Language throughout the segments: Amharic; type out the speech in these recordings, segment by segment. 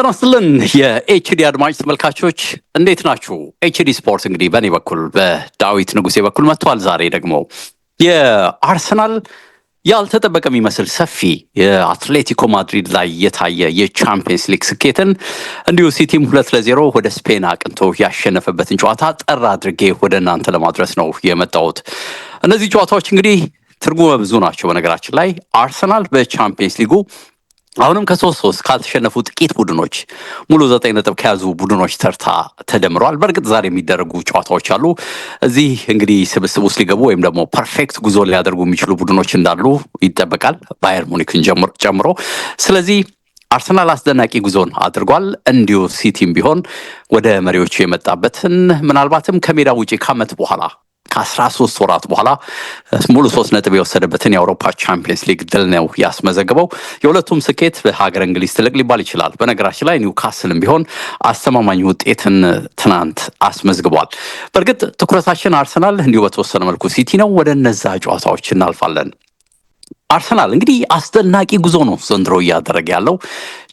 ጤና ይስጥልን የኤችዲ አድማጭ ተመልካቾች እንዴት ናችሁ? ኤችዲ ስፖርት እንግዲህ በእኔ በኩል በዳዊት ንጉሴ በኩል መጥቷል። ዛሬ ደግሞ የአርሰናል ያልተጠበቀ የሚመስል ሰፊ የአትሌቲኮ ማድሪድ ላይ የታየ የቻምፒየንስ ሊግ ስኬትን እንዲሁ ሲቲም ሁለት ለዜሮ ወደ ስፔን አቅንቶ ያሸነፈበትን ጨዋታ ጠራ አድርጌ ወደ እናንተ ለማድረስ ነው የመጣሁት። እነዚህ ጨዋታዎች እንግዲህ ትርጉመ ብዙ ናቸው። በነገራችን ላይ አርሰናል በቻምፒየንስ ሊጉ አሁንም ከሶስት ሶስት ካልተሸነፉ ጥቂት ቡድኖች ሙሉ ዘጠኝ ነጥብ ከያዙ ቡድኖች ተርታ ተደምረዋል። በእርግጥ ዛሬ የሚደረጉ ጨዋታዎች አሉ። እዚህ እንግዲህ ስብስብ ውስጥ ሊገቡ ወይም ደግሞ ፐርፌክት ጉዞ ሊያደርጉ የሚችሉ ቡድኖች እንዳሉ ይጠበቃል፣ ባየር ሙኒክን ጨምሮ። ስለዚህ አርሰናል አስደናቂ ጉዞን አድርጓል። እንዲሁ ሲቲም ቢሆን ወደ መሪዎቹ የመጣበትን ምናልባትም ከሜዳ ውጪ ከዓመት በኋላ ከአስራ ሶስት ወራት በኋላ ሙሉ ሶስት ነጥብ የወሰደበትን የአውሮፓ ቻምፒየንስ ሊግ ድል ነው ያስመዘግበው የሁለቱም ስኬት በሀገር እንግሊዝ ትልቅ ሊባል ይችላል። በነገራችን ላይ ኒውካስልም ቢሆን አስተማማኝ ውጤትን ትናንት አስመዝግቧል። በእርግጥ ትኩረታችን አርሰናል እንዲሁ በተወሰነ መልኩ ሲቲ ነው። ወደ እነዛ ጨዋታዎች እናልፋለን። አርሰናል እንግዲህ አስደናቂ ጉዞ ነው ዘንድሮ እያደረገ ያለው።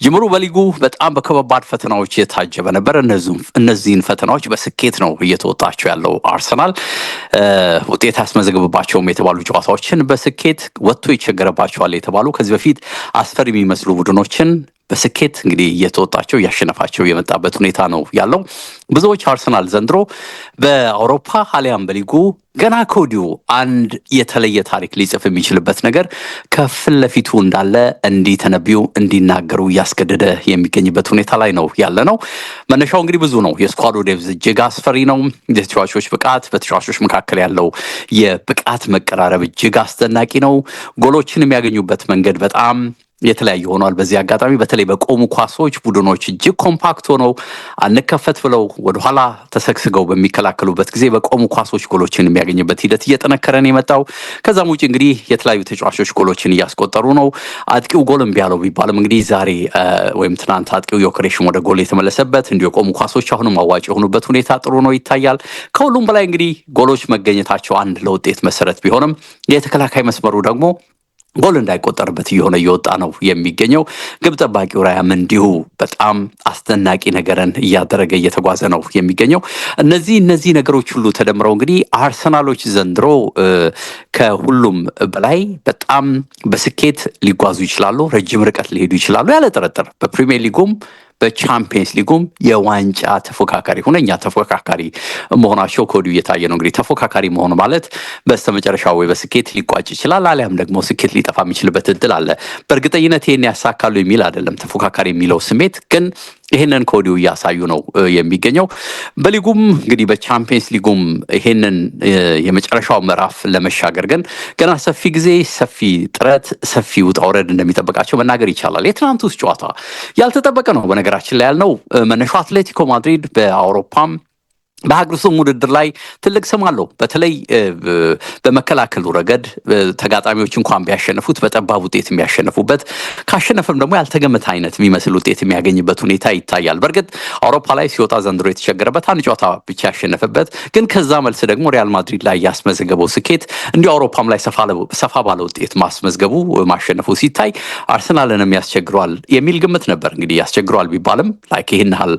ጅምሩ በሊጉ በጣም በከባድ ፈተናዎች የታጀበ ነበር። እነዚህን ፈተናዎች በስኬት ነው እየተወጣቸው ያለው አርሰናል። ውጤት ያስመዘግብባቸውም የተባሉ ጨዋታዎችን በስኬት ወጥቶ ይቸገረባቸዋል የተባሉ ከዚህ በፊት አስፈሪ የሚመስሉ ቡድኖችን በስኬት እንግዲህ እየተወጣቸው እያሸነፋቸው የመጣበት ሁኔታ ነው ያለው። ብዙዎች አርሰናል ዘንድሮ በአውሮፓ አሊያም በሊጉ ገና ከወዲሁ አንድ የተለየ ታሪክ ሊጽፍ የሚችልበት ነገር ከፊት ለፊቱ እንዳለ እንዲተነብዩ እንዲናገሩ እያስገደደ የሚገኝበት ሁኔታ ላይ ነው ያለ ነው። መነሻው እንግዲህ ብዙ ነው። የስኳዱ ዴብዝ እጅግ አስፈሪ ነው። የተጫዋቾች ብቃት፣ በተጫዋቾች መካከል ያለው የብቃት መቀራረብ እጅግ አስደናቂ ነው። ጎሎችን የሚያገኙበት መንገድ በጣም የተለያዩ ሆኗል። በዚህ አጋጣሚ በተለይ በቆሙ ኳሶች ቡድኖች እጅግ ኮምፓክት ሆነው አንከፈት ብለው ወደኋላ ተሰግስገው በሚከላከሉበት ጊዜ በቆሙ ኳሶች ጎሎችን የሚያገኝበት ሂደት እየጠነከረን የመጣው ከዛም ውጭ እንግዲህ የተለያዩ ተጫዋቾች ጎሎችን እያስቆጠሩ ነው። አጥቂው ጎል እምቢ ቢባልም እንግዲህ ዛሬ ወይም ትናንት አጥቂው ዮክሬሽን ወደ ጎል የተመለሰበት እንዲሁ የቆሙ ኳሶች አሁንም አዋጭ የሆኑበት ሁኔታ ጥሩ ነው ይታያል። ከሁሉም በላይ እንግዲህ ጎሎች መገኘታቸው አንድ ለውጤት መሰረት ቢሆንም የተከላካይ መስመሩ ደግሞ ጎል እንዳይቆጠርበት እየሆነ እየወጣ ነው የሚገኘው። ግብ ጠባቂው ራያም እንዲሁ በጣም አስደናቂ ነገርን እያደረገ እየተጓዘ ነው የሚገኘው። እነዚህ እነዚህ ነገሮች ሁሉ ተደምረው እንግዲህ አርሰናሎች ዘንድሮ ከሁሉም በላይ በጣም በስኬት ሊጓዙ ይችላሉ፣ ረጅም ርቀት ሊሄዱ ይችላሉ ያለ ጥርጥር በፕሪሚየር ሊጉም በቻምፒየንስ ሊጉም የዋንጫ ተፎካካሪ ሁነኛ ተፎካካሪ መሆናቸው ከወዲሁ እየታየ ነው። እንግዲህ ተፎካካሪ መሆኑ ማለት በስተመጨረሻ ወይ በስኬት ሊቋጭ ይችላል፣ አሊያም ደግሞ ስኬት ሊጠፋ የሚችልበት እድል አለ። በእርግጠኝነት ይህን ያሳካሉ የሚል አይደለም። ተፎካካሪ የሚለው ስሜት ግን ይሄንን ከወዲሁ እያሳዩ ነው የሚገኘው። በሊጉም እንግዲህ በቻምፒየንስ ሊጉም ይሄንን የመጨረሻው ምዕራፍ ለመሻገር ግን ገና ሰፊ ጊዜ፣ ሰፊ ጥረት፣ ሰፊ ውጣ ውረድ እንደሚጠብቃቸው መናገር ይቻላል። የትናንቱ ውስጥ ጨዋታ ያልተጠበቀ ነው በነገራችን ላይ ያልነው መነሻው አትሌቲኮ ማድሪድ በአውሮፓም በሀገር ውስጥም ውድድር ላይ ትልቅ ስም አለው። በተለይ በመከላከሉ ረገድ ተጋጣሚዎች እንኳን ቢያሸንፉት በጠባብ ውጤት የሚያሸንፉበት ካሸነፈም ደግሞ ያልተገመተ አይነት የሚመስል ውጤት የሚያገኝበት ሁኔታ ይታያል። በእርግጥ አውሮፓ ላይ ሲወጣ ዘንድሮ የተቸገረበት አንድ ጨዋታ ብቻ ያሸነፈበት፣ ግን ከዛ መልስ ደግሞ ሪያል ማድሪድ ላይ ያስመዘገበው ስኬት እንዲሁ አውሮፓም ላይ ሰፋ ባለ ውጤት ማስመዝገቡ ማሸነፉ ሲታይ አርሰናልንም ያስቸግረዋል የሚል ግምት ነበር። እንግዲህ ያስቸግረዋል ቢባልም ላይክ ይህን ያህል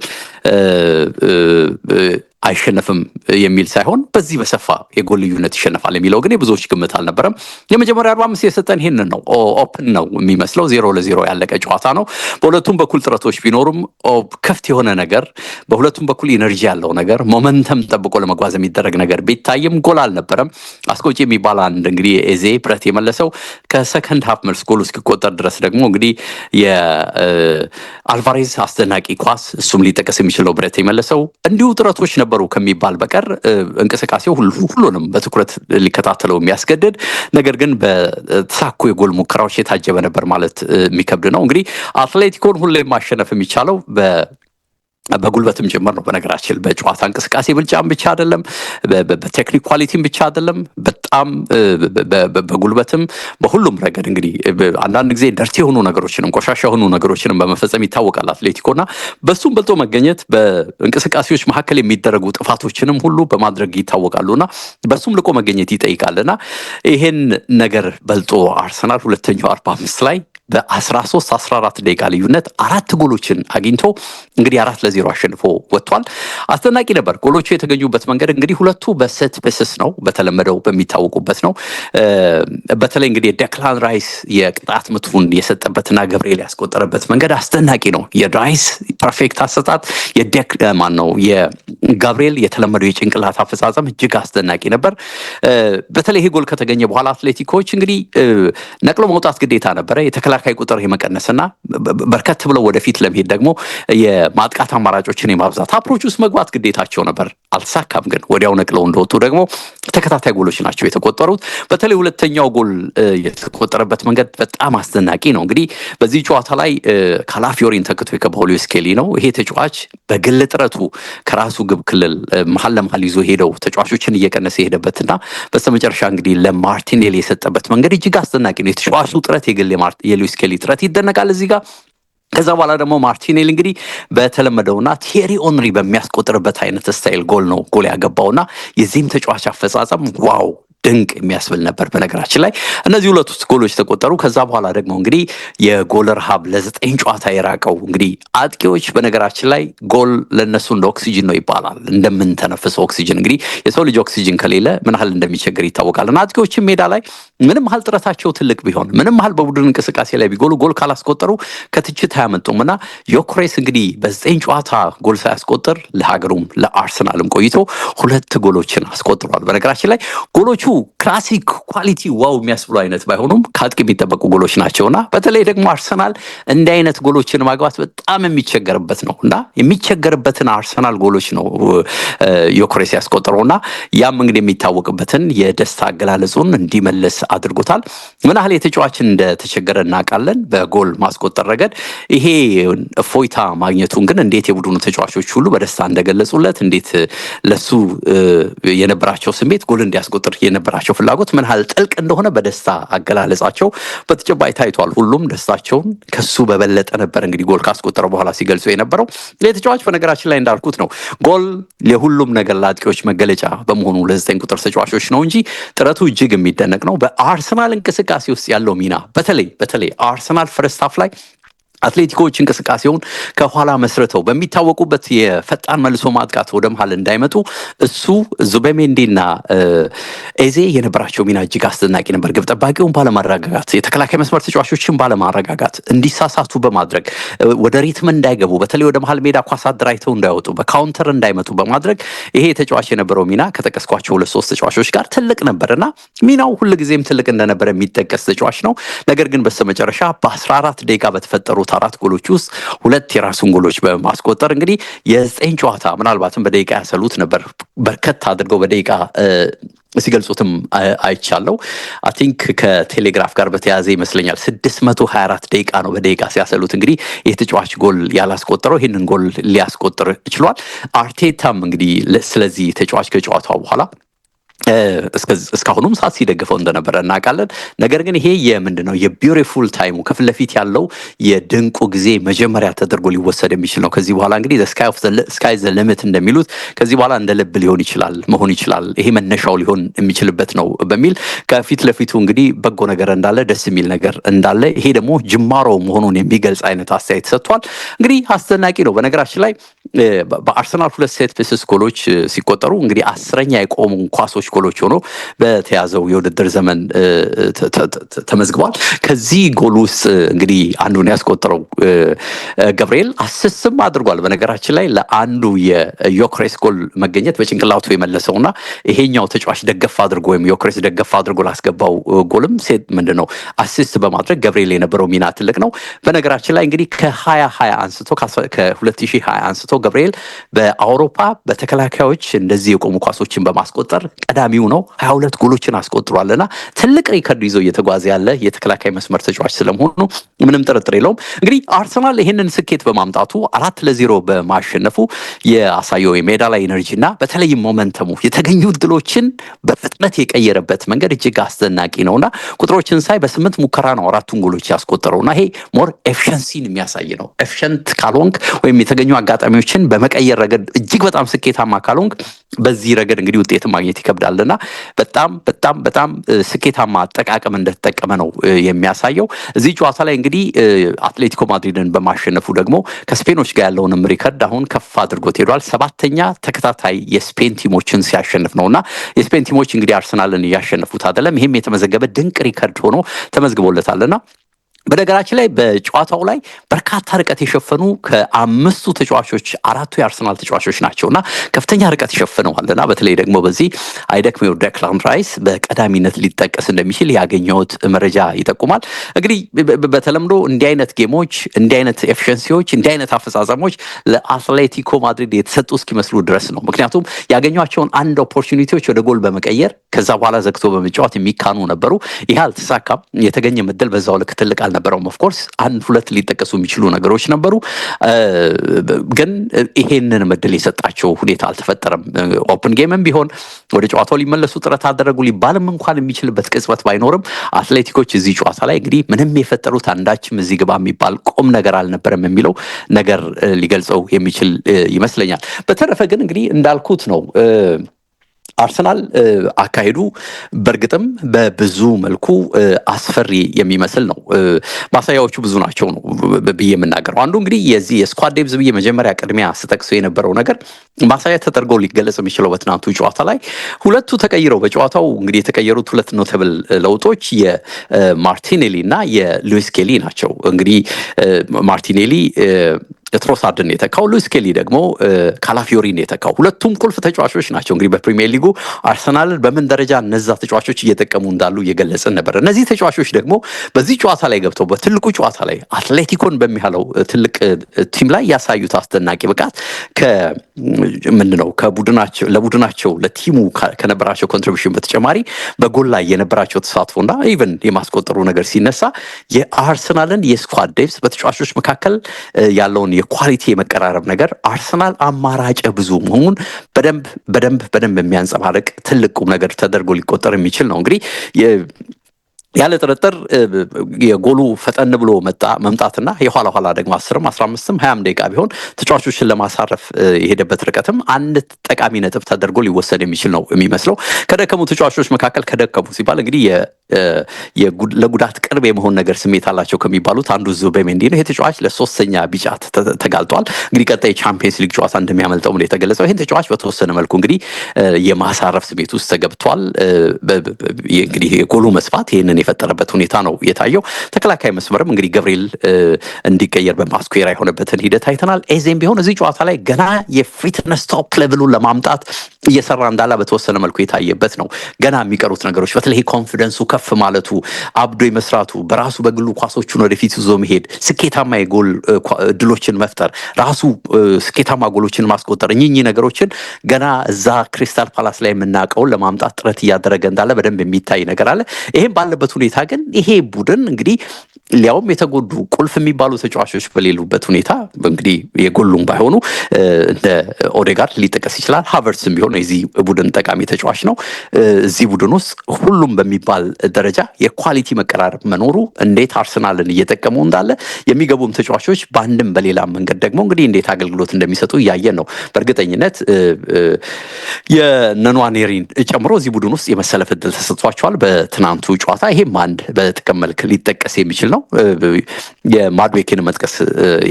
አይሸነፍም የሚል ሳይሆን በዚህ በሰፋ የጎል ልዩነት ይሸነፋል የሚለው ግን የብዙዎች ግምት አልነበረም። የመጀመሪያ አርባ አምስት የሰጠን ይህን ነው። ኦፕን ነው የሚመስለው ዜሮ ለዜሮ ያለቀ ጨዋታ ነው። በሁለቱም በኩል ጥረቶች ቢኖሩም ክፍት የሆነ ነገር፣ በሁለቱም በኩል ኢነርጂ ያለው ነገር፣ ሞመንተም ጠብቆ ለመጓዝ የሚደረግ ነገር ቢታይም ጎል አልነበረም። አስቆጪ የሚባል አንድ እንግዲህ የኤዜ ብረት የመለሰው ከሰከንድ ሀፍ መልስ ጎል እስኪቆጠር ድረስ ደግሞ እንግዲህ የአልቫሬዝ አስደናቂ ኳስ እሱም ሊጠቀስ የሚችለው ብረት የመለሰው እንዲሁ ጥረቶች ነበሩ ነበሩ ከሚባል በቀር እንቅስቃሴው ሁሉንም በትኩረት ሊከታተለው የሚያስገድድ ነገር ግን በተሳኩ የጎል ሙከራዎች የታጀበ ነበር ማለት የሚከብድ ነው። እንግዲህ አትሌቲኮን ሁሌ ማሸነፍ የሚቻለው በጉልበትም ጭምር ነው። በነገራችን በጨዋታ እንቅስቃሴ ብልጫም ብቻ አይደለም፣ በቴክኒክ ኳሊቲም ብቻ አይደለም። በጣም በጉልበትም በሁሉም ረገድ እንግዲህ አንዳንድ ጊዜ ደርቲ የሆኑ ነገሮችንም ቆሻሻ የሆኑ ነገሮችንም በመፈጸም ይታወቃል አትሌቲኮና በሱም በልጦ መገኘት በእንቅስቃሴዎች መካከል የሚደረጉ ጥፋቶችንም ሁሉ በማድረግ ይታወቃሉና በሱም ልቆ መገኘት ይጠይቃልና ይሄን ነገር በልጦ አርሰናል ሁለተኛው አርባ አምስት ላይ በ13 14 ደቂቃ ልዩነት አራት ጎሎችን አግኝቶ እንግዲህ አራት ለዜሮ አሸንፎ ወጥቷል። አስደናቂ ነበር። ጎሎቹ የተገኙበት መንገድ እንግዲህ ሁለቱ በሴት ፒስስ ነው፣ በተለመደው በሚታወቁበት ነው። በተለይ እንግዲህ ደክላን ራይስ የቅጣት ምቱን የሰጠበትና ገብርኤል ያስቆጠረበት መንገድ አስደናቂ ነው። የራይስ ፐርፌክት አሰጣጥ፣ የደክማን ነው የጋብርኤል የተለመደው የጭንቅላት አፈጻጸም እጅግ አስደናቂ ነበር። በተለይ ይሄ ጎል ከተገኘ በኋላ አትሌቲኮች እንግዲህ ነቅሎ መውጣት ግዴታ ነበረ የተከላካይ ቁጥር የመቀነስና በርከት ብለው ወደፊት ለመሄድ ደግሞ የማጥቃት አማራጮችን የማብዛት አፕሮች ውስጥ መግባት ግዴታቸው ነበር። አልተሳካም። ግን ወዲያው ነቅለው እንደወጡ ደግሞ ተከታታይ ጎሎች ናቸው የተቆጠሩት። በተለይ ሁለተኛው ጎል የተቆጠረበት መንገድ በጣም አስደናቂ ነው። እንግዲህ በዚህ ጨዋታ ላይ ካላፊዮሪን ተክቶ የከባው ሉዊስ ስኬሊ ነው። ይሄ ተጫዋች በግል ጥረቱ ከራሱ ግብ ክልል መሀል ለመሀል ይዞ ሄደው ተጫዋቾችን እየቀነሰ የሄደበትና በስተመጨረሻ እንግዲህ ለማርቲኔሊ የሰጠበት መንገድ እጅግ አስደናቂ ነው። የተጫዋቹ ጥረት የግል የሉ ሉዊስ ኬሊ ጥረት ይደነቃል እዚህ ጋር። ከዛ በኋላ ደግሞ ማርቲኔል እንግዲህ በተለመደውና ቴሪ ኦንሪ በሚያስቆጥርበት አይነት ስታይል ጎል ነው ጎል ያገባውና የዚህም ተጫዋች አፈጻጸም ዋው ድንቅ የሚያስብል ነበር። በነገራችን ላይ እነዚህ ሁለት ውስጥ ጎሎች ተቆጠሩ። ከዛ በኋላ ደግሞ እንግዲህ የጎል ረሃብ ለዘጠኝ ጨዋታ የራቀው እንግዲህ አጥቂዎች፣ በነገራችን ላይ ጎል ለነሱ እንደ ኦክሲጅን ነው ይባላል። እንደምንተነፍሰው ኦክሲጅን እንግዲህ የሰው ልጅ ኦክሲጅን ከሌለ ምን ያህል እንደሚቸግር ይታወቃል። እና አጥቂዎችን ሜዳ ላይ ምንም ያህል ጥረታቸው ትልቅ ቢሆን፣ ምንም ያህል በቡድን እንቅስቃሴ ላይ ቢጎሉ ጎል ካላስቆጠሩ ከትችት አያመጡም። እና ዮክሬስ እንግዲህ በዘጠኝ ጨዋታ ጎል ሳያስቆጥር ለሀገሩም ለአርሰናልም ቆይቶ ሁለት ጎሎችን አስቆጥሯል። በነገራችን ላይ ጎሎቹ ክላሲክ ኳሊቲ ዋው የሚያስብሉ አይነት ባይሆኑም ከአጥቂ የሚጠበቁ ጎሎች ናቸውና በተለይ ደግሞ አርሰናል እንዲህ አይነት ጎሎችን ማግባት በጣም የሚቸገርበት ነው እና የሚቸገርበትን አርሰናል ጎሎች ነው ዮክሬስ እና ያም እንግዲህ የሚታወቅበትን የደስታ አገላለጹን እንዲመለስ አድርጎታል። ምን ያህል የተጫዋችን እንደተቸገረ እናውቃለን በጎል ማስቆጠር ረገድ። ይሄ እፎይታ ማግኘቱን ግን እንዴት የቡድኑ ተጫዋቾች ሁሉ በደስታ እንደገለጹለት እንዴት ለሱ የነበራቸው ስሜት ጎል እንዲያስቆጥር የነበራቸው ፍላጎት ምን ያህል ጥልቅ እንደሆነ በደስታ አገላለጻቸው በተጨባጭ ታይቷል። ሁሉም ደስታቸውን ከሱ በበለጠ ነበር እንግዲህ ጎል ካስቆጠረ በኋላ ሲገልጹ የነበረው። ተጫዋች በነገራችን ላይ እንዳልኩት ነው ጎል የሁሉም ነገር ለአጥቂዎች መገለጫ በመሆኑ ለዘጠኝ ቁጥር ተጫዋቾች ነው እንጂ ጥረቱ እጅግ የሚደነቅ ነው። በአርሰናል እንቅስቃሴ ውስጥ ያለው ሚና በተለይ በተለይ አርሰናል ፈርስት ሃፍ ላይ አትሌቲኮች እንቅስቃሴውን ከኋላ መስርተው በሚታወቁበት የፈጣን መልሶ ማጥቃት ወደ መሀል እንዳይመጡ እሱ ዙቤሜንዲና ኤዜ የነበራቸው ሚና እጅግ አስደናቂ ነበር። ግብ ጠባቂውን ባለማረጋጋት፣ የተከላካይ መስመር ተጫዋቾችን ባለማረጋጋት፣ እንዲሳሳቱ በማድረግ ወደ ሪትም እንዳይገቡ፣ በተለይ ወደ መሀል ሜዳ ኳስ አደራጅተው እንዳይወጡ፣ በካውንተር እንዳይመጡ በማድረግ ይሄ ተጫዋች የነበረው ሚና ከጠቀስኳቸው ሁለት ሶስት ተጫዋቾች ጋር ትልቅ ነበር እና ሚናው ሁልጊዜም ትልቅ እንደነበረ የሚጠቀስ ተጫዋች ነው። ነገር ግን በስተመጨረሻ በ አራት ደቂቃ በተፈጠሩ ካስቆጠሩት አራት ጎሎች ውስጥ ሁለት የራሱን ጎሎች በማስቆጠር እንግዲህ የዘጠኝ ጨዋታ ምናልባትም በደቂቃ ያሰሉት ነበር በርከት አድርገው በደቂቃ ሲገልጹትም አይቻለው። አይ ቲንክ ከቴሌግራፍ ጋር በተያያዘ ይመስለኛል 624 ደቂቃ ነው በደቂቃ ሲያሰሉት። እንግዲህ የተጫዋች ጎል ያላስቆጠረው ይህንን ጎል ሊያስቆጥር ችሏል። አርቴታም እንግዲህ ስለዚህ ተጫዋች ከጨዋታው በኋላ እስካሁኑም ሰዓት ሲደግፈው እንደነበረ እናውቃለን። ነገር ግን ይሄ የምንድን ነው የቢዩቲፉል ታይሙ ከፊት ለፊት ያለው የድንቁ ጊዜ መጀመሪያ ተደርጎ ሊወሰድ የሚችል ነው። ከዚህ በኋላ እንግዲህ ስካይ ዘ ሊሚት እንደሚሉት ከዚህ በኋላ እንደ ልብ ሊሆን ይችላል መሆን ይችላል ይሄ መነሻው ሊሆን የሚችልበት ነው በሚል ከፊት ለፊቱ እንግዲህ በጎ ነገር እንዳለ ደስ የሚል ነገር እንዳለ ይሄ ደግሞ ጅማሮ መሆኑን የሚገልጽ አይነት አስተያየት ሰጥቷል። እንግዲህ አስደናቂ ነው። በነገራችን ላይ በአርሰናል ሁለት ሴት ፒስ ጎሎች ሲቆጠሩ እንግዲህ አስረኛ የቆሙ ኳሶች ጎሎች ሆኖ በተያዘው የውድድር ዘመን ተመዝግቧል። ከዚህ ጎል ውስጥ እንግዲህ አንዱን ያስቆጠረው ገብርኤል አስስም አድርጓል። በነገራችን ላይ ለአንዱ የዮክሬስ ጎል መገኘት በጭንቅላቱ የመለሰው እና ይሄኛው ተጫዋች ደገፍ አድርጎ ወይም ዮክሬስ ደገፍ አድርጎ ላስገባው ጎልም ሴት ምንድን ነው አሲስት በማድረግ ገብርኤል የነበረው ሚና ትልቅ ነው። በነገራችን ላይ እንግዲህ ከ2020 አንስቶ ከ2020 አንስቶ ገብርኤል በአውሮፓ በተከላካዮች እንደዚህ የቆሙ ኳሶችን በማስቆጠር ቀዳሚው ነው። ሀያ ሁለት ጎሎችን አስቆጥሯልና ትልቅ ሪከርድ ይዞ እየተጓዘ ያለ የተከላካይ መስመር ተጫዋች ስለመሆኑ ምንም ጥርጥር የለውም። እንግዲህ አርሰናል ይህንን ስኬት በማምጣቱ አራት ለዜሮ በማሸነፉ የአሳየው የሜዳ ላይ እና በተለይም ሞመንተሙ የተገኙ ድሎችን በፍጥነት የቀየረበት መንገድ እጅግ አስደናቂ ነውና ቁጥሮችን ሳይ በስምንት ሙከራ ነው አራቱን ጎሎች ያስቆጠረው ና ይሄ ሞር ኤፊሸንሲን የሚያሳይ ነው። ኤፍሸንት ካልሆንክ ወይም የተገኙ አጋጣሚዎችን በመቀየር ረገድ እጅግ በጣም ስኬታማ ካልሆንክ በዚህ ረገድ እንግዲህ ውጤትን ማግኘት ይከብዳል። ይገልጻል እና በጣም በጣም በጣም ስኬታማ አጠቃቀም እንደተጠቀመ ነው የሚያሳየው። እዚህ ጨዋታ ላይ እንግዲህ አትሌቲኮ ማድሪድን በማሸነፉ ደግሞ ከስፔኖች ጋር ያለውንም ሪከርድ አሁን ከፍ አድርጎት ሄዷል። ሰባተኛ ተከታታይ የስፔን ቲሞችን ሲያሸንፍ ነው እና የስፔን ቲሞች እንግዲህ አርሰናልን እያሸነፉት አይደለም። ይህም የተመዘገበ ድንቅ ሪከርድ ሆኖ ተመዝግቦለታል እና በነገራችን ላይ በጨዋታው ላይ በርካታ ርቀት የሸፈኑ ከአምስቱ ተጫዋቾች አራቱ የአርሰናል ተጫዋቾች ናቸውና ከፍተኛ ርቀት እና በተለይ ደግሞ በዚህ አይደክሜው ደክላን ራይስ በቀዳሚነት ሊጠቀስ እንደሚችል ያገኘሁት መረጃ ይጠቁማል። እንግዲህ በተለምዶ እንዲህ አይነት ጌሞች፣ እንዲህ አይነት ኤፊሽንሲዎች፣ እንዲህ አይነት አፈጻጸሞች ለአትሌቲኮ ማድሪድ የተሰጡ እስኪመስሉ ድረስ ነው። ምክንያቱም ያገኟቸውን አንድ ኦፖርቹኒቲዎች ወደ ጎል በመቀየር ከዛ በኋላ ዘግቶ በመጫወት የሚካኑ ነበሩ። ይህ አልተሳካም። የተገኘ ምድል በዛው ልክ ትልቅ አልነበረውም። ኦፍኮርስ አንድ ሁለት ሊጠቀሱ የሚችሉ ነገሮች ነበሩ፣ ግን ይሄንን ምድል የሰጣቸው ሁኔታ አልተፈጠረም። ኦፕን ጌምም ቢሆን ወደ ጨዋታው ሊመለሱ ጥረት አደረጉ ሊባልም እንኳን የሚችልበት ቅጽበት ባይኖርም አትሌቲኮች እዚህ ጨዋታ ላይ እንግዲህ ምንም የፈጠሩት አንዳችም እዚህ ግባ የሚባል ቁም ነገር አልነበረም የሚለው ነገር ሊገልጸው የሚችል ይመስለኛል። በተረፈ ግን እንግዲህ እንዳልኩት ነው አርሰናል አካሄዱ በእርግጥም በብዙ መልኩ አስፈሪ የሚመስል ነው። ማሳያዎቹ ብዙ ናቸው ነው ብዬ የምናገረው። አንዱ እንግዲህ የዚህ የስኳድ ዴብዝ ብዬ መጀመሪያ ቅድሚያ ስጠቅሶ የነበረው ነገር ማሳያ ተደርጎ ሊገለጽ የሚችለው በትናንቱ ጨዋታ ላይ ሁለቱ ተቀይረው በጨዋታው እንግዲህ የተቀየሩት ሁለት ኖተብል ለውጦች የማርቲኔሊ እና የሉዊስ ኬሊ ናቸው። እንግዲህ ማርቲኔሊ ትሮሳርድን የተካው ሉዊስ ኬሊ ደግሞ ካላፊዮሪን የተካው ሁለቱም ቁልፍ ተጫዋቾች ናቸው። እንግዲህ በፕሪሚየር ሊጉ አርሰናልን በምን ደረጃ እነዛ ተጫዋቾች እየጠቀሙ እንዳሉ እየገለጽን ነበር። እነዚህ ተጫዋቾች ደግሞ በዚህ ጨዋታ ላይ ገብተው በትልቁ ጨዋታ ላይ አትሌቲኮን በሚያለው ትልቅ ቲም ላይ ያሳዩት አስደናቂ ብቃት ከምንድነው ከቡድናቸው ለቡድናቸው ለቲሙ ከነበራቸው ኮንትሪቢሽን በተጨማሪ በጎል ላይ የነበራቸው እና ኢቨን የማስቆጠሩ ነገር ሲነሳ የአርሰናልን የስኳድ ዴፕስ በተጫዋቾች መካከል ያለውን የኳሊቲ የመቀራረብ ነገር አርሰናል አማራጭ ብዙ መሆኑን በደንብ በደንብ በደንብ የሚያንጸባርቅ ትልቅ ቁም ነገር ተደርጎ ሊቆጠር የሚችል ነው እንግዲህ ያለ ጥርጥር የጎሉ ፈጠን ብሎ መምጣትና የኋላ ኋላ ደግሞ አስርም አስራ አምስትም ሀያም ደቂቃ ቢሆን ተጫዋቾችን ለማሳረፍ የሄደበት ርቀትም አንድ ጠቃሚ ነጥብ ተደርጎ ሊወሰድ የሚችል ነው የሚመስለው። ከደከሙ ተጫዋቾች መካከል ከደከሙ ሲባል እንግዲህ ለጉዳት ቅርብ የመሆን ነገር ስሜት አላቸው ከሚባሉት አንዱ ዙቢሜንዲ ነው። ይሄ ተጫዋች ለሶስተኛ ቢጫ ተጋልጧል። እንግዲህ ቀጣይ ቻምፒየንስ ሊግ ጨዋታ እንደሚያመልጠው ነው የተገለጸው። ይሄን ተጫዋች በተወሰነ መልኩ እንግዲህ የማሳረፍ ስሜት ውስጥ ተገብቷል። እንግዲህ የጎሉ መስፋት ይህንን የፈጠረበት ሁኔታ ነው የታየው። ተከላካይ መስመርም እንግዲህ ገብርኤል እንዲቀየር በማስኩራ የሆነበትን ሂደት አይተናል። ኤዜም ቢሆን እዚህ ጨዋታ ላይ ገና የፊትነስ ቶፕ ሌቭሉን ለማምጣት እየሰራ እንዳላ በተወሰነ መልኩ የታየበት ነው። ገና የሚቀሩት ነገሮች በተለይ ኮንፊደንሱ ከፍ ማለቱ አብዶ መስራቱ በራሱ በግሉ ኳሶቹን ወደፊት ይዞ መሄድ፣ ስኬታማ የጎል እድሎችን መፍጠር፣ ራሱ ስኬታማ ጎሎችን ማስቆጠር እኚህ ነገሮችን ገና እዛ ክሪስታል ፓላስ ላይ የምናውቀውን ለማምጣት ጥረት እያደረገ እንዳለ በደንብ የሚታይ ነገር አለ። ይሄም ባለበት ሁኔታ ግን ይሄ ቡድን እንግዲህ ሊያውም የተጎዱ ቁልፍ የሚባሉ ተጫዋቾች በሌሉበት ሁኔታ እንግዲህ የጎሉም ባይሆኑ እንደ ኦዴጋርድ ሊጠቀስ ይችላል። ሃቨርትስ ቢሆን የዚህ ቡድን ጠቃሚ ተጫዋች ነው። እዚህ ቡድን ውስጥ ሁሉም በሚባል ደረጃ የኳሊቲ መቀራረብ መኖሩ እንዴት አርሰናልን እየጠቀመው እንዳለ የሚገቡም ተጫዋቾች በአንድም በሌላ መንገድ ደግሞ እንግዲህ እንዴት አገልግሎት እንደሚሰጡ እያየን ነው። በእርግጠኝነት የነኗኔሪን ጨምሮ እዚህ ቡድን ውስጥ የመሰለፍ እድል ተሰጥቷቸዋል በትናንቱ ጨዋታ። ይሄም አንድ በጥቅም መልክ ሊጠቀስ የሚችል ነው። የማድዌኬን መጥቀስ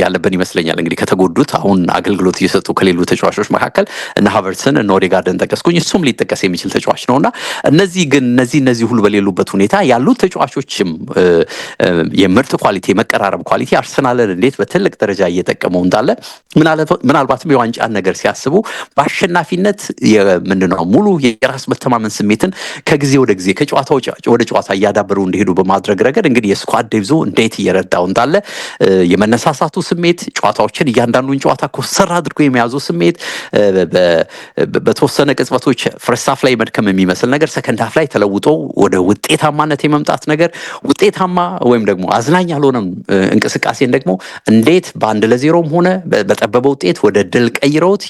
ያለብን ይመስለኛል። እንግዲህ ከተጎዱት አሁን አገልግሎት እየሰጡ ከሌሉ ተጫዋቾች መካከል እነ ሀቨርትስን እነ ኦዴጋርድን ጠቀስኩኝ። እሱም ሊጠቀስ የሚችል ተጫዋች ነውእና እነዚህ ግን እነዚህ እነዚህ ሁሉ በሌሉበት በሚሆንበት ሁኔታ ያሉት ተጫዋቾችም የምርት ኳሊቲ የመቀራረብ ኳሊቲ አርሰናልን እንዴት በትልቅ ደረጃ እየጠቀመው እንዳለ ምናልባትም የዋንጫን ነገር ሲያስቡ በአሸናፊነት ምንድነው ሙሉ የራስ መተማመን ስሜትን ከጊዜ ወደ ጊዜ ከጨዋታ ወደ ጨዋታ እያዳበሩ እንዲሄዱ በማድረግ ረገድ እንግዲህ የስኳድ ደብዞ እንዴት እየረዳው እንዳለ የመነሳሳቱ ስሜት ጨዋታዎችን እያንዳንዱን ጨዋታ ኮሰር አድርጎ የመያዙ ስሜት በተወሰነ ቅጽበቶች ፍርስት ላይ መድከም የሚመስል ነገር ሰከንድ ሀፍ ላይ ተለውጦ ወደ ውጤት ውጤታማነት የመምጣት ነገር ውጤታማ ወይም ደግሞ አዝናኝ ያልሆነም እንቅስቃሴን ደግሞ እንዴት በአንድ ለዜሮም ሆነ በጠበበ ውጤት ወደ ድል ቀይረውት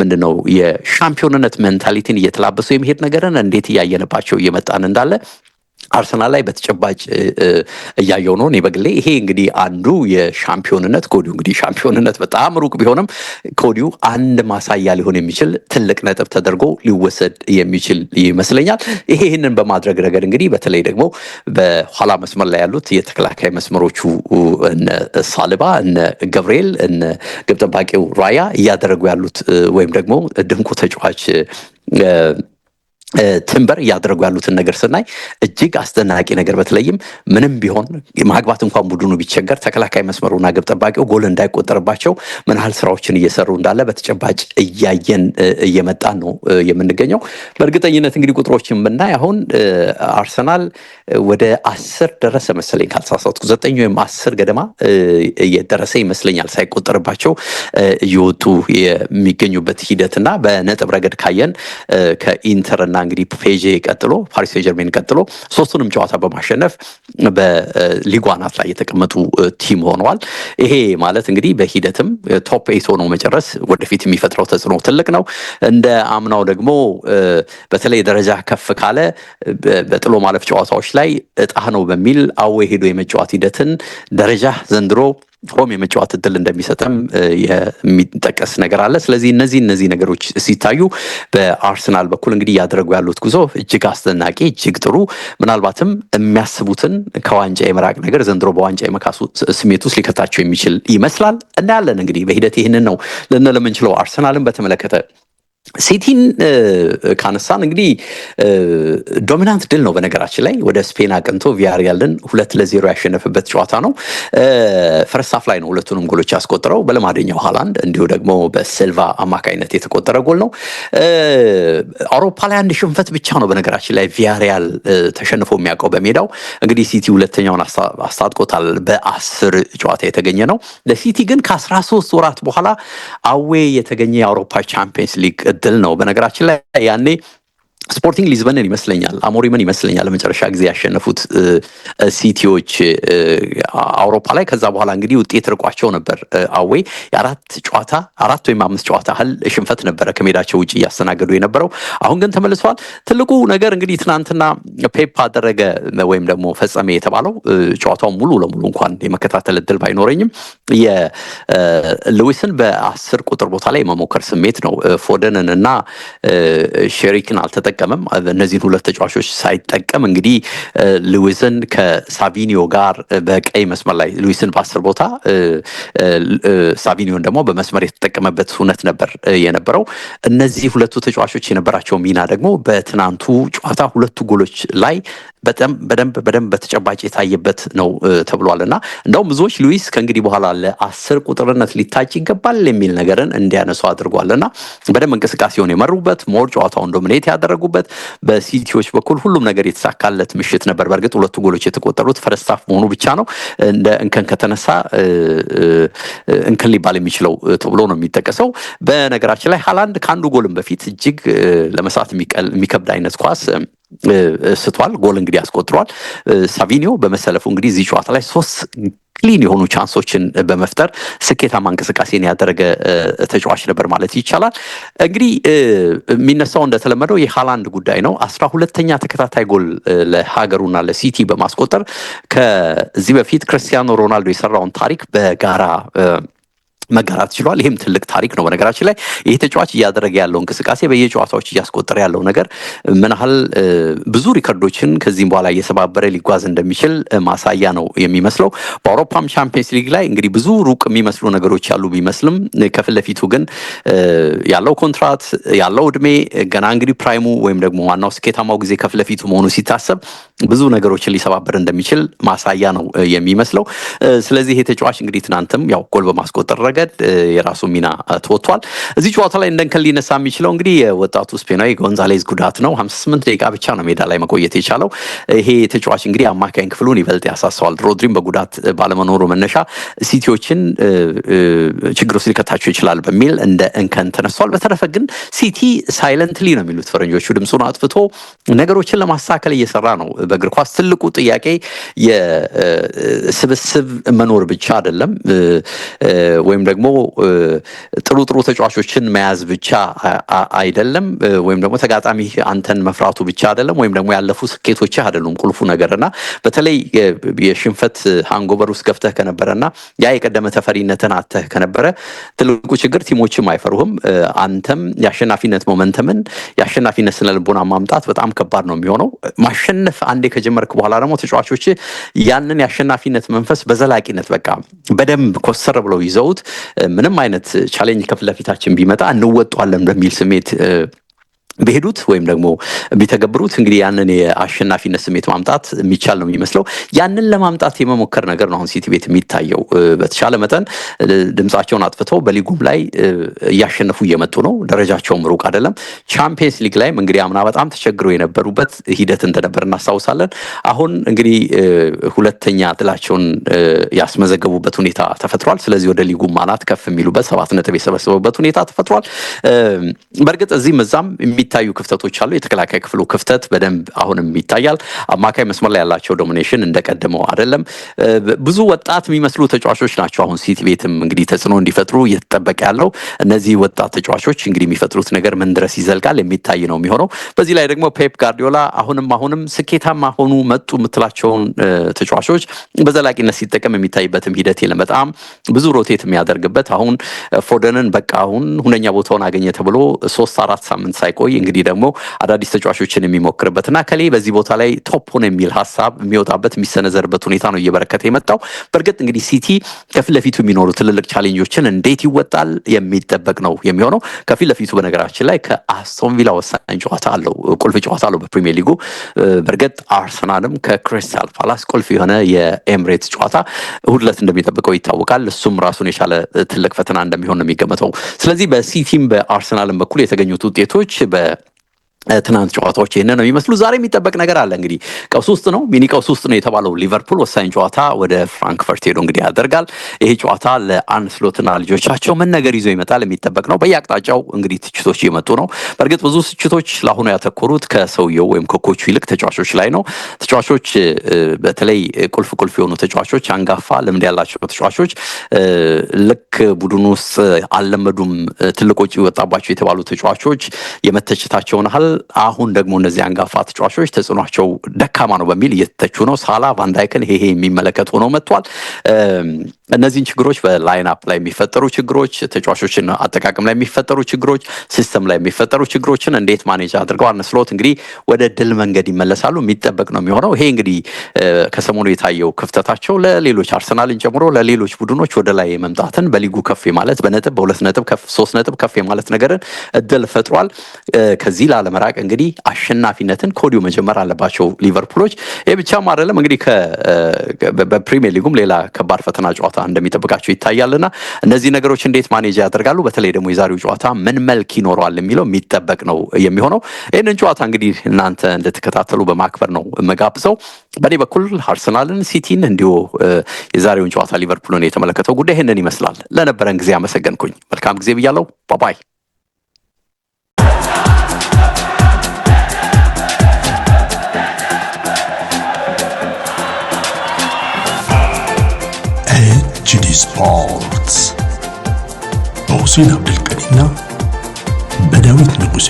ምንድነው የሻምፒዮንነት ሜንታሊቲን እየተላበሱ የሚሄድ ነገርን እንዴት እያየንባቸው እየመጣን እንዳለ አርሰናል ላይ በተጨባጭ እያየው ነው። እኔ በግሌ ይሄ እንግዲህ አንዱ የሻምፒዮንነት ከወዲሁ እንግዲህ ሻምፒዮንነት በጣም ሩቅ ቢሆንም ከወዲሁ አንድ ማሳያ ሊሆን የሚችል ትልቅ ነጥብ ተደርጎ ሊወሰድ የሚችል ይመስለኛል። ይሄንን በማድረግ ረገድ እንግዲህ በተለይ ደግሞ በኋላ መስመር ላይ ያሉት የተከላካይ መስመሮቹ እነ ሳልባ፣ እነ ገብርኤል፣ እነ ግብ ጠባቂው ራያ እያደረጉ ያሉት ወይም ደግሞ ድንቁ ተጫዋች ትንበር እያደረጉ ያሉትን ነገር ስናይ እጅግ አስደናቂ ነገር። በተለይም ምንም ቢሆን ማግባት እንኳን ቡድኑ ቢቸገር ተከላካይ መስመሩና ግብ ጠባቂው ጎል እንዳይቆጠርባቸው ምን ያህል ስራዎችን እየሰሩ እንዳለ በተጨባጭ እያየን እየመጣን ነው የምንገኘው። በእርግጠኝነት እንግዲህ ቁጥሮችን ብናይ አሁን አርሰናል ወደ አስር ደረሰ መሰለኝ ካልሳሳትኩ፣ ዘጠኝ ወይም አስር ገደማ የደረሰ ይመስለኛል ሳይቆጠርባቸው እየወጡ የሚገኙበት ሂደት እና በነጥብ ረገድ ካየን ከኢንተርና እንግዲህ ፔጄ ቀጥሎ ፓሪስ ሴጀርሜን ቀጥሎ ሶስቱንም ጨዋታ በማሸነፍ በሊጉ አናት ላይ የተቀመጡ ቲም ሆነዋል። ይሄ ማለት እንግዲህ በሂደትም ቶፕ ኤት ሆኖ መጨረስ ወደፊት የሚፈጥረው ተጽዕኖ ትልቅ ነው። እንደ አምናው ደግሞ በተለይ ደረጃ ከፍ ካለ በጥሎ ማለፍ ጨዋታዎች ላይ እጣ ነው በሚል አዌ ሄዶ የመጫወት ሂደትን ደረጃ ዘንድሮ ሆም የመጫወት እድል እንደሚሰጥም የሚጠቀስ ነገር አለ። ስለዚህ እነዚህ እነዚህ ነገሮች ሲታዩ በአርሰናል በኩል እንግዲህ እያደረጉ ያሉት ጉዞ እጅግ አስደናቂ፣ እጅግ ጥሩ፣ ምናልባትም የሚያስቡትን ከዋንጫ የመራቅ ነገር ዘንድሮ በዋንጫ የመካሱ ስሜት ውስጥ ሊከታቸው የሚችል ይመስላል። እናያለን እንግዲህ በሂደት ይህንን ነው ልንል የምንችለው አርሰናልን በተመለከተ ሲቲን ካነሳን እንግዲህ ዶሚናንት ድል ነው። በነገራችን ላይ ወደ ስፔን አቅንቶ ቪያሪያልን ሁለት ለዜሮ ያሸነፈበት ጨዋታ ነው። ፈርስታፍ ላይ ነው ሁለቱንም ጎሎች ያስቆጠረው በለማደኛው ሃላንድ እንዲሁ ደግሞ በሲልቫ አማካኝነት የተቆጠረ ጎል ነው። አውሮፓ ላይ አንድ ሽንፈት ብቻ ነው በነገራችን ላይ ቪያሪያል ተሸንፎ የሚያውቀው በሜዳው እንግዲህ ሲቲ ሁለተኛውን አስታጥቆታል። በአስር ጨዋታ የተገኘ ነው። ለሲቲ ግን ከአስራ ሶስት ወራት በኋላ አዌ የተገኘ የአውሮፓ ቻምፒየንስ ሊግ እድል ነው። በነገራችን ላይ ያኔ ስፖርቲንግ ሊዝበንን ይመስለኛል አሞሪምን ይመስለኛል ለመጨረሻ ጊዜ ያሸነፉት ሲቲዎች አውሮፓ ላይ። ከዛ በኋላ እንግዲህ ውጤት ርቋቸው ነበር። አዌ የአራት ጨዋታ አራት ወይም አምስት ጨዋታ ህል ሽንፈት ነበረ ከሜዳቸው ውጭ እያስተናገዱ የነበረው። አሁን ግን ተመልሰዋል። ትልቁ ነገር እንግዲህ ትናንትና ፔፕ አደረገ ወይም ደግሞ ፈጸመ የተባለው ጨዋታውን ሙሉ ለሙሉ እንኳን የመከታተል እድል ባይኖረኝም የልዊስን በአስር ቁጥር ቦታ ላይ የመሞከር ስሜት ነው። ፎደንን እና ሼሪክን አልተጠቀ አልተጠቀመም። እነዚህን ሁለት ተጫዋቾች ሳይጠቀም እንግዲህ ሉዊስን ከሳቪኒዮ ጋር በቀይ መስመር ላይ ሉዊስን በአስር ቦታ ሳቪኒዮን ደግሞ በመስመር የተጠቀመበት እውነት ነበር የነበረው። እነዚህ ሁለቱ ተጫዋቾች የነበራቸው ሚና ደግሞ በትናንቱ ጨዋታ ሁለቱ ጎሎች ላይ በደንብ በደንብ በተጨባጭ የታየበት ነው ተብሏል። እና እንደውም ብዙዎች ሉዊስ ከእንግዲህ በኋላ ለአስር ቁጥርነት ሊታጭ ይገባል የሚል ነገርን እንዲያነሱ አድርጓል። እና በደንብ እንቅስቃሴውን የመሩበት ሞር ጨዋታውን ዶሚኔት ያደረጉበት በሲቲዎች በኩል ሁሉም ነገር የተሳካለት ምሽት ነበር። በእርግጥ ሁለቱ ጎሎች የተቆጠሩት ፈረስታፍ መሆኑ ብቻ ነው። እንደ እንከን ከተነሳ እንከን ሊባል የሚችለው ተብሎ ነው የሚጠቀሰው። በነገራችን ላይ ሀላንድ ከአንዱ ጎልም በፊት እጅግ ለመሳት የሚከብድ አይነት ኳስ ስቷል። ጎል እንግዲህ አስቆጥሯል። ሳቪኒዮ በመሰለፉ እንግዲህ እዚህ ጨዋታ ላይ ሶስት ክሊን የሆኑ ቻንሶችን በመፍጠር ስኬታማ እንቅስቃሴን ያደረገ ተጫዋች ነበር ማለት ይቻላል። እንግዲህ የሚነሳው እንደተለመደው የሃላንድ ጉዳይ ነው። አስራ ሁለተኛ ተከታታይ ጎል ለሀገሩና ለሲቲ በማስቆጠር ከዚህ በፊት ክርስቲያኖ ሮናልዶ የሰራውን ታሪክ በጋራ መጋራት ችሏል። ይህም ትልቅ ታሪክ ነው። በነገራችን ላይ ይህ ተጫዋች እያደረገ ያለው እንቅስቃሴ በየጨዋታዎች እያስቆጠረ ያለው ነገር ምን ያህል ብዙ ሪከርዶችን ከዚህም በኋላ እየሰባበረ ሊጓዝ እንደሚችል ማሳያ ነው የሚመስለው። በአውሮፓም ቻምፒየንስ ሊግ ላይ እንግዲህ ብዙ ሩቅ የሚመስሉ ነገሮች ያሉ ቢመስልም ከፊት ለፊቱ ግን ያለው ኮንትራት ያለው እድሜ ገና እንግዲህ ፕራይሙ ወይም ደግሞ ዋናው ስኬታማው ጊዜ ከፊት ለፊቱ መሆኑ ሲታሰብ ብዙ ነገሮችን ሊሰባበር እንደሚችል ማሳያ ነው የሚመስለው። ስለዚህ ይሄ ተጫዋች እንግዲህ ትናንትም ያው ጎል በማስቆጠር ረገድ የራሱ ሚና ተወጥቷል። እዚህ ጨዋታ ላይ እንደንከን ሊነሳ የሚችለው እንግዲህ የወጣቱ ስፔናዊ ጎንዛሌዝ ጉዳት ነው። 58 ደቂቃ ብቻ ነው ሜዳ ላይ መቆየት የቻለው። ይሄ ተጫዋች እንግዲህ አማካኝ ክፍሉን ይበልጥ ያሳሰዋል። ሮድሪም በጉዳት ባለመኖሩ መነሻ ሲቲዎችን ችግር ውስጥ ሊከታቸው ይችላል በሚል እንደ እንከን ተነስቷል። በተረፈ ግን ሲቲ ሳይለንትሊ ነው የሚሉት ፈረንጆቹ ድምፁን አጥፍቶ ነገሮችን ለማስተካከል እየሰራ ነው በእግር ኳስ ትልቁ ጥያቄ የስብስብ መኖር ብቻ አይደለም፣ ወይም ደግሞ ጥሩ ጥሩ ተጫዋቾችን መያዝ ብቻ አይደለም፣ ወይም ደግሞ ተጋጣሚ አንተን መፍራቱ ብቻ አይደለም፣ ወይም ደግሞ ያለፉ ስኬቶች አይደሉም ቁልፉ ነገር እና በተለይ የሽንፈት ሃንጎበር ውስጥ ገብተህ ከነበረና ያ የቀደመ ተፈሪነትን አተህ ከነበረ ትልቁ ችግር ቲሞችም አይፈሩህም። አንተም የአሸናፊነት ሞመንተምን የአሸናፊነት ስነልቦና ማምጣት በጣም ከባድ ነው የሚሆነው ማሸነፍ አንዴ ከጀመርክ በኋላ ደግሞ ተጫዋቾች ያንን የአሸናፊነት መንፈስ በዘላቂነት በቃ በደንብ ኮሰር ብለው ይዘውት ምንም አይነት ቻሌንጅ ከፊት ለፊታችን ቢመጣ እንወጧለን በሚል ስሜት ቢሄዱት ወይም ደግሞ ቢተገብሩት እንግዲህ ያንን የአሸናፊነት ስሜት ማምጣት የሚቻል ነው የሚመስለው። ያንን ለማምጣት የመሞከር ነገር ነው አሁን ሲቲ ቤት የሚታየው። በተቻለ መጠን ድምፃቸውን አጥፍተው በሊጉም ላይ እያሸነፉ እየመጡ ነው። ደረጃቸውም ሩቅ አይደለም። ቻምፒየንስ ሊግ ላይም እንግዲህ አምና በጣም ተቸግረው የነበሩበት ሂደት እንደነበር እናስታውሳለን። አሁን እንግዲህ ሁለተኛ ጥላቸውን ያስመዘገቡበት ሁኔታ ተፈጥሯል። ስለዚህ ወደ ሊጉም አናት ከፍ የሚሉበት ሰባት ነጥብ የሰበሰቡበት ሁኔታ ተፈጥሯል። በእርግጥ እዚህም እዛም የሚታዩ ክፍተቶች አሉ። የተከላካይ ክፍሉ ክፍተት በደንብ አሁንም ይታያል። አማካይ መስመር ላይ ያላቸው ዶሚኔሽን እንደቀደመው አይደለም። ብዙ ወጣት የሚመስሉ ተጫዋቾች ናቸው አሁን ሲቲ ቤትም እንግዲህ ተጽዕኖ እንዲፈጥሩ እየተጠበቀ ያለው እነዚህ ወጣት ተጫዋቾች እንግዲህ የሚፈጥሩት ነገር ምን ድረስ ይዘልቃል የሚታይ ነው የሚሆነው። በዚህ ላይ ደግሞ ፔፕ ጋርዲዮላ አሁንም አሁንም ስኬታማ ሆኑ መጡ የምትላቸውን ተጫዋቾች በዘላቂነት ሲጠቀም የሚታይበትም ሂደት የለም። በጣም ብዙ ሮቴት የሚያደርግበት አሁን ፎደንን በቃ አሁን ሁነኛ ቦታውን አገኘ ተብሎ ሶስት አራት ሳምንት ሳይቆይ እንግዲህ ደግሞ አዳዲስ ተጫዋቾችን የሚሞክርበትና ከሌ በዚህ ቦታ ላይ ሆነ የሚል ሀሳብ የሚወጣበት የሚሰነዘርበት ሁኔታ ነው እየበረከተ የመጣው። በእርግጥ እንግዲህ ሲቲ ከፊት ለፊቱ የሚኖሩ ትልልቅ ቻሌንጆችን እንዴት ይወጣል የሚጠበቅ ነው የሚሆነው። ከፊት ለፊቱ በነገራችን ላይ ከአስቶን ቪላ ወሳኝ ጨዋታ አለው፣ ቁልፍ ጨዋታ አለው በፕሪሚየር ሊጉ። በእርግጥ አርሰናልም ከክሪስታል ፓላስ ቁልፍ የሆነ የኤምሬት ጨዋታ እሁድ ዕለት እንደሚጠብቀው ይታወቃል። እሱም ራሱን የቻለ ትልቅ ፈተና እንደሚሆን ነው የሚገመተው። ስለዚህ በሲቲም በአርሰናልም በኩል የተገኙት ውጤቶች ትናንት ጨዋታዎች ይህንን ነው የሚመስሉ። ዛሬ የሚጠበቅ ነገር አለ እንግዲህ ቀውስ ውስጥ ነው፣ ሚኒ ቀውስ ውስጥ ነው የተባለው ሊቨርፑል ወሳኝ ጨዋታ ወደ ፍራንክፈርት ሄዶ እንግዲህ ያደርጋል። ይሄ ጨዋታ ለአንስሎትና ልጆቻቸው ምን ነገር ይዞ ይመጣል የሚጠበቅ ነው። በየአቅጣጫው እንግዲህ ትችቶች እየመጡ ነው። በእርግጥ ብዙ ትችቶች ለአሁኑ ያተኮሩት ከሰውየው ወይም ከኮቹ ይልቅ ተጫዋቾች ላይ ነው። ተጫዋቾች በተለይ ቁልፍ ቁልፍ የሆኑ ተጫዋቾች፣ አንጋፋ ልምድ ያላቸው ተጫዋቾች ልክ ቡድን ውስጥ አልለመዱም፣ ትልቅ ወጪ ወጣባቸው የተባሉ ተጫዋቾች የመተችታቸውን ያህል አሁን ደግሞ እነዚህ አንጋፋ ተጫዋቾች ተጽዕኗቸው ደካማ ነው በሚል እየተተቹ ነው። ሳላ ቫንዳይክን ይሄ የሚመለከት ሆኖ መጥቷል። እነዚህን ችግሮች በላይን አፕ ላይ የሚፈጠሩ ችግሮች፣ ተጫዋቾችን አጠቃቀም ላይ የሚፈጠሩ ችግሮች፣ ሲስተም ላይ የሚፈጠሩ ችግሮችን እንዴት ማኔጅ አድርገው አርነ ስሎት እንግዲህ ወደ ድል መንገድ ይመለሳሉ የሚጠበቅ ነው የሚሆነው። ይሄ እንግዲህ ከሰሞኑ የታየው ክፍተታቸው ለሌሎች አርሰናልን ጨምሮ ለሌሎች ቡድኖች ወደ ላይ መምጣትን በሊጉ ከፍ ማለት በነጥብ በሁለት ነጥብ ሶስት ነጥብ ከፍ ማለት ነገርን እድል ፈጥሯል። ከዚህ ላለመ ለመራቅ እንግዲህ አሸናፊነትን ከወዲሁ መጀመር አለባቸው ሊቨርፑሎች። ይህ ብቻም አይደለም እንግዲህ በፕሪሚየር ሊጉም ሌላ ከባድ ፈተና ጨዋታ እንደሚጠብቃቸው ይታያልና እነዚህ ነገሮች እንዴት ማኔጅ ያደርጋሉ፣ በተለይ ደግሞ የዛሬው ጨዋታ ምን መልክ ይኖረዋል የሚለው የሚጠበቅ ነው የሚሆነው። ይህንን ጨዋታ እንግዲህ እናንተ እንድትከታተሉ በማክበር ነው መጋብዘው። በእኔ በኩል አርሰናልን፣ ሲቲን እንዲሁ የዛሬውን ጨዋታ ሊቨርፑልን የተመለከተው ጉዳይ ይህንን ይመስላል። ለነበረን ጊዜ አመሰገንኩኝ። መልካም ጊዜ ብያለው። ባባይ ሁሴን አብደልቀኒና በዳዊት ንጉሴ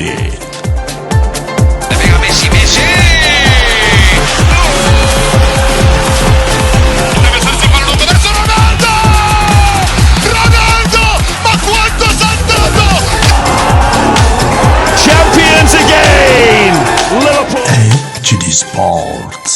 HD Sports.